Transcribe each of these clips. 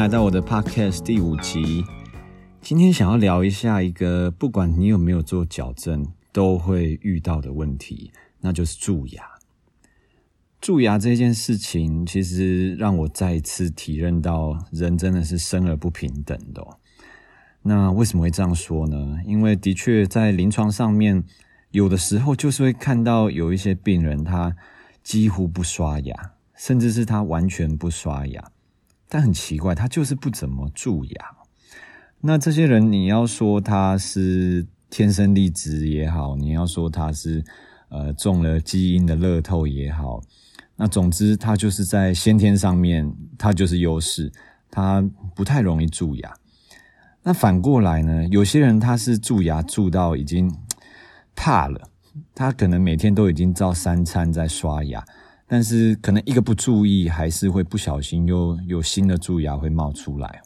來到我的 Podcast 第五集，今天想要聊一下一個不管你有沒有做矯正都會遇到的問題，那就是蛀牙。蛀牙這件事情，其實讓我再一次體認到人真的是生而不平等的哦。那為什麼會這樣說呢？因為的確在臨床上面，有的時候就是會看到有一些病人，他幾乎不刷牙，甚至是他完全不刷牙。但很奇怪，他就是不怎麼蛀牙。那這些人，你要說他是天生麗質也好，你要說他是呃中了基因的樂透也好，那總之他就是在先天上面，他就是優勢，他不太容易蛀牙。那反過來呢？有些人他是蛀牙蛀到已經怕了，他可能每天都已經照三餐在刷牙。但是可能一個不注意，還是會不小心又有新的蛀牙會冒出來。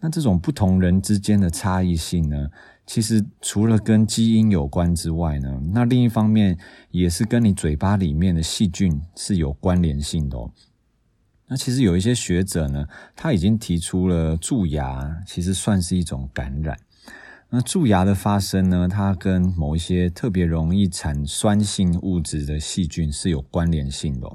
那這種不同人之間的差異性呢，其實除了跟基因有關之外呢，那另一方面也是跟你嘴巴裡面的細菌是有關聯性的哦。那其實有一些學者呢，他已經提出了蛀牙其實算是一種感染。那蛀牙的發生呢，它跟某一些特別容易產酸性物質的細菌是有關聯性的。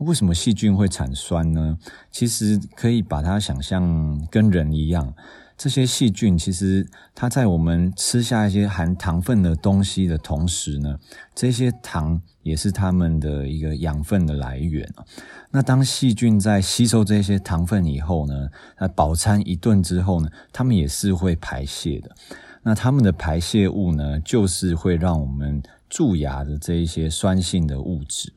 為什麼細菌會產酸呢？其實可以把它想象跟人一樣。這些細菌其實，它在我們吃下一些含糖分的東西的同時呢，這些糖也是它們的一個養分的來源。那當細菌在吸收這些糖分以後呢，它飽餐一頓之後呢，它們也是會排泄的。那它們的排泄物呢，就是會讓我們蛀牙的這一些酸性的物質。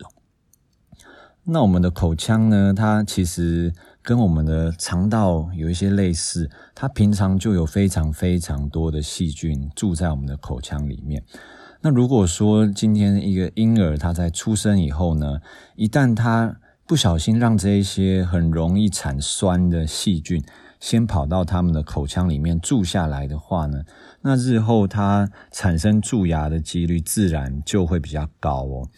那我們的口腔呢，它其實。跟我們的腸道有一些類似，它平常就有非常非常多的細菌住在我們的口腔裡面。那如果說今天一個嬰兒他在出生以後呢，一旦他不小心讓這一些很容易產酸的細菌先跑到他們的口腔裡面住下來的話呢，那日後他產生蛀牙的幾率自然就會比較高哦。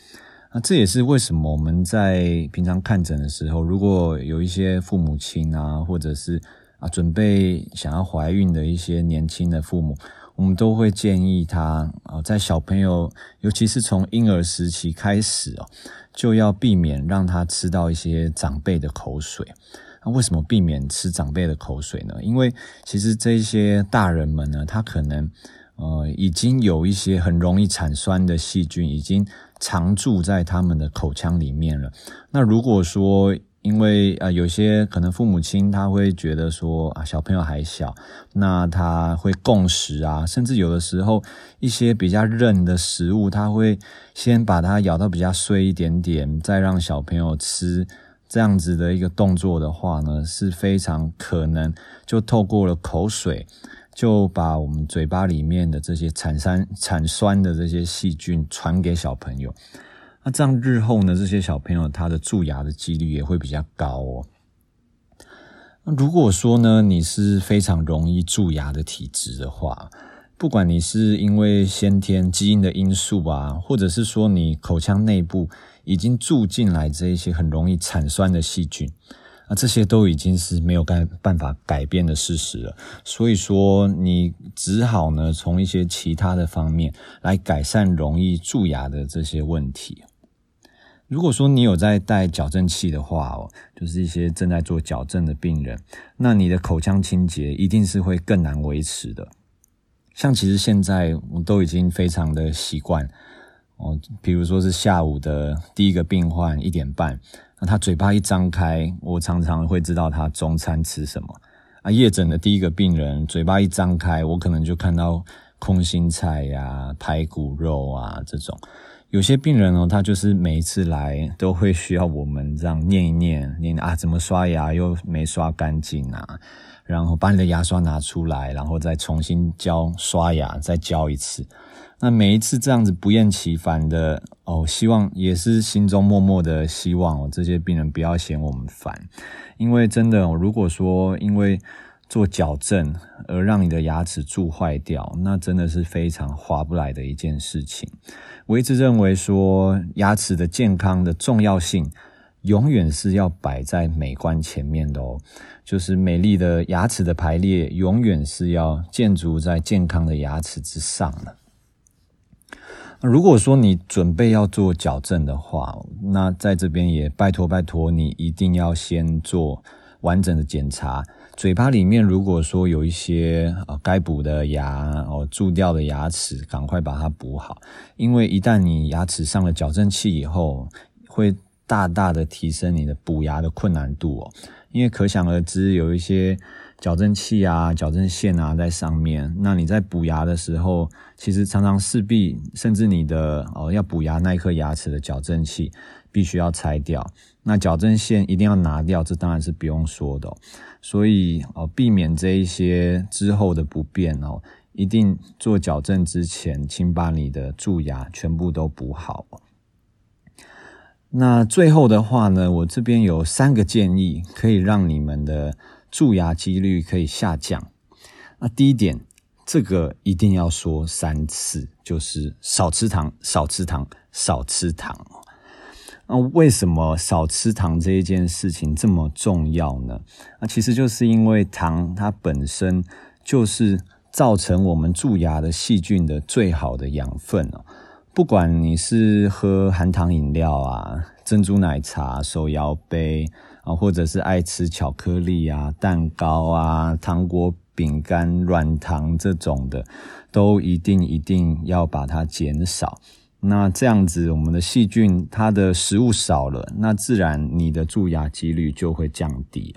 那這也是為什麼我們在平常看診的時候，如果有一些父母親啊，或者是啊準備想要懷孕的一些年輕的父母，我們都會建議他，呃，在小朋友，尤其是從嬰兒時期開始哦，就要避免讓他吃到一些長輩的口水。那為什麼避免吃長輩的口水呢？因為其實這些大人們呢，他可能呃已經有一些很容易產酸的細菌已經。常住在他們的口腔裡面了。那如果說因為啊、呃，有些可能父母親他會覺得說啊，小朋友還小，那他會共食啊，甚至有的時候一些比較韌的食物，他會先把它咬到比較碎一點點，再讓小朋友吃，這樣子的一個動作的話呢，是非常可能就透過了口水。就把我們嘴巴裡面的這些產酸、產酸的這些細菌傳給小朋友，那、啊、這樣日後呢，這些小朋友他的蛀牙的幾率也會比較高哦。那如果說呢，你是非常容易蛀牙的體質的話，不管你是因為先天基因的因素啊，或者是說你口腔內部已經住進來這一些很容易產酸的細菌。那這些都已經是沒有辦法改變的事實了，所以說你只好呢，從一些其他的方面來改善容易蛀牙的這些問題。如果說你有在戴矯正器的話哦，就是一些正在做矯正的病人，那你的口腔清潔一定是會更難維持的。像其實現在我都已經非常的習慣。哦，比如說是下午的第一個病患一點半，那他嘴巴一張開，我常常會知道他中餐吃什麼？啊，夜診的第一個病人嘴巴一張開，我可能就看到空心菜呀、啊、排骨肉啊這種。有些病人哦，他就是每一次來都會需要我們這樣念一念，念啊，怎麼刷牙又沒刷乾淨啊，然後把你的牙刷拿出來，然後再重新教刷牙，再教一次。那每一次這樣子不厭其煩的哦，希望也是心中默默的希望哦，這些病人不要嫌我們煩，因為真的，哦，如果說因為做矯正而讓你的牙齒蛀壞掉，那真的是非常划不來的一件事情。我一直認為說，牙齒的健康的重要性永遠是要擺在美觀前面的哦，就是美麗的牙齒的排列永遠是要建築在健康的牙齒之上的。如果說你準備要做矯正的話，那在這邊也拜托拜托你一定要先做完整的檢查。嘴巴裡面如果說有一些啊、哦、該補的牙哦，蛀掉的牙齒，趕快把它補好，因為一旦你牙齒上了矯正器以後，會大大的提升你的補牙的困難度哦，因為可想而知有一些。矯正器啊，矯正線啊，在上面。那你在補牙的時候，其實常常勢必甚至你的、哦、要補牙那一顆牙齒的矯正器必須要拆掉，那矯正線一定要拿掉。這當然是不用說的、哦。所以、哦、避免這一些之後的不便哦，一定做矯正之前，請把你的蛀牙全部都補好。那最後的話呢，我這邊有三個建議，可以讓你們的。蛀牙幾率可以下降。那第一點，這個一定要說三次，就是少吃糖、少吃糖、少吃糖哦。那為什麼少吃糖這一件事情這麼重要呢？那其實就是因為糖它本身就是造成我們蛀牙的細菌的最好的養分哦。不管你是喝含糖飲料啊、珍珠奶茶、手搖杯。啊，或者是愛吃巧克力啊、蛋糕啊、糖果、餅乾、軟糖這種的，都一定一定要把它減少。那這樣子，我們的細菌它的食物少了，那自然你的蛀牙幾率就會降低。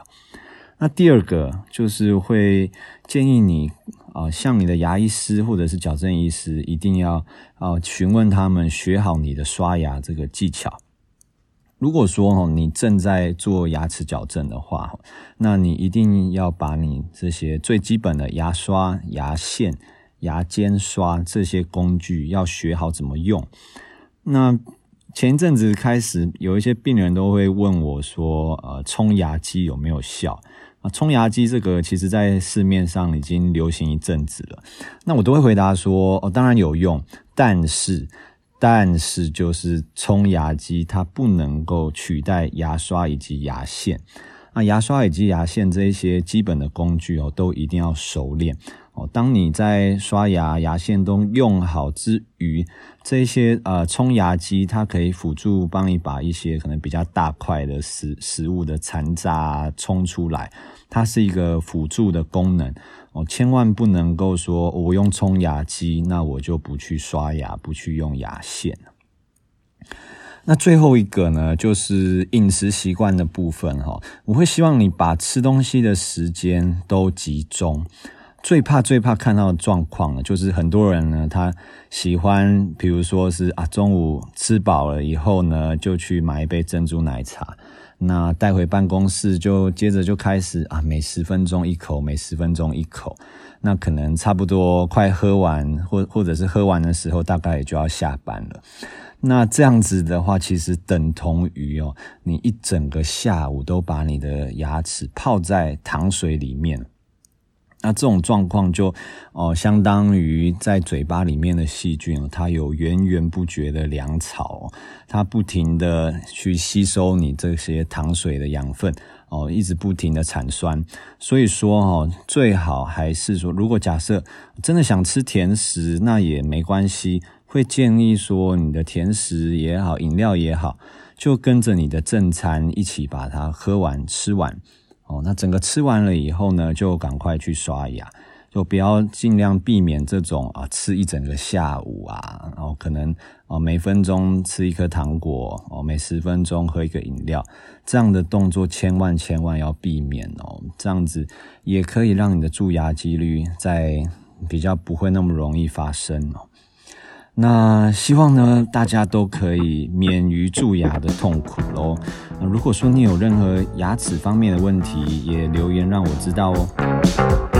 那第二個就是會建議你啊，呃，向你的牙醫師或者是矯正醫師，一定要啊，呃，詢問他們，學好你的刷牙這個技巧。如果說你正在做牙齒矯正的話，那你一定要把你這些最基本的牙刷、牙線、牙尖刷這些工具要學好怎麼用。那前一陣子開始，有一些病人都會問我說，呃，沖牙機有沒有效？啊，沖牙機這個其實在市面上已經流行一陣子了，那我都會回答說，哦，當然有用，但是。但是就是沖牙機，它不能夠取代牙刷以及牙線。那牙刷以及牙線這一些基本的工具哦，都一定要熟練哦。當你在刷牙、牙線都用好之餘，這些呃沖牙機，它可以輔助幫你把一些可能比較大塊的食食物的殘渣沖出來，它是一個輔助的功能。哦，千萬不能夠說，我用沖牙機，那我就不去刷牙，不去用牙線。那最後一個呢，就是飲食習慣的部分哈，我會希望你把吃東西的時間都集中。最怕最怕看到的狀況了，就是很多人呢，他喜歡，比如說是啊，中午吃飽了以後呢，就去買一杯珍珠奶茶，那帶回辦公室就接着就開始啊，每十分鐘一口，每十分鐘一口，那可能差不多快喝完，或或者是喝完的時候，大概也就要下班了。那這樣子的話，其實等同於哦，你一整個下午都把你的牙齒泡在糖水裡面。那這種狀況就，哦、呃，相當於在嘴巴裡面的細菌，它有源源不絕的糧草，它不停的去吸收你這些糖水的養分哦、呃，一直不停的產酸。所以說哦，最好還是說，如果假設真的想吃甜食，那也沒關係，會建議說你的甜食也好，飲料也好，就跟着你的正餐一起把它喝完、吃完。哦，那整個吃完了以後呢，就趕快去刷牙，就不要盡量避免這種啊，吃一整個下午啊，然後、哦、可能啊、哦、每分鐘吃一顆糖果哦，每十分鐘喝一個飲料，這樣的動作千萬千萬要避免哦，這樣子也可以讓你的蛀牙幾率在比較不會那麼容易發生哦。那希望呢，大家都可以免於蛀牙的痛苦咯。那如果說你有任何牙齒方面的問題，也留言讓我知道哦。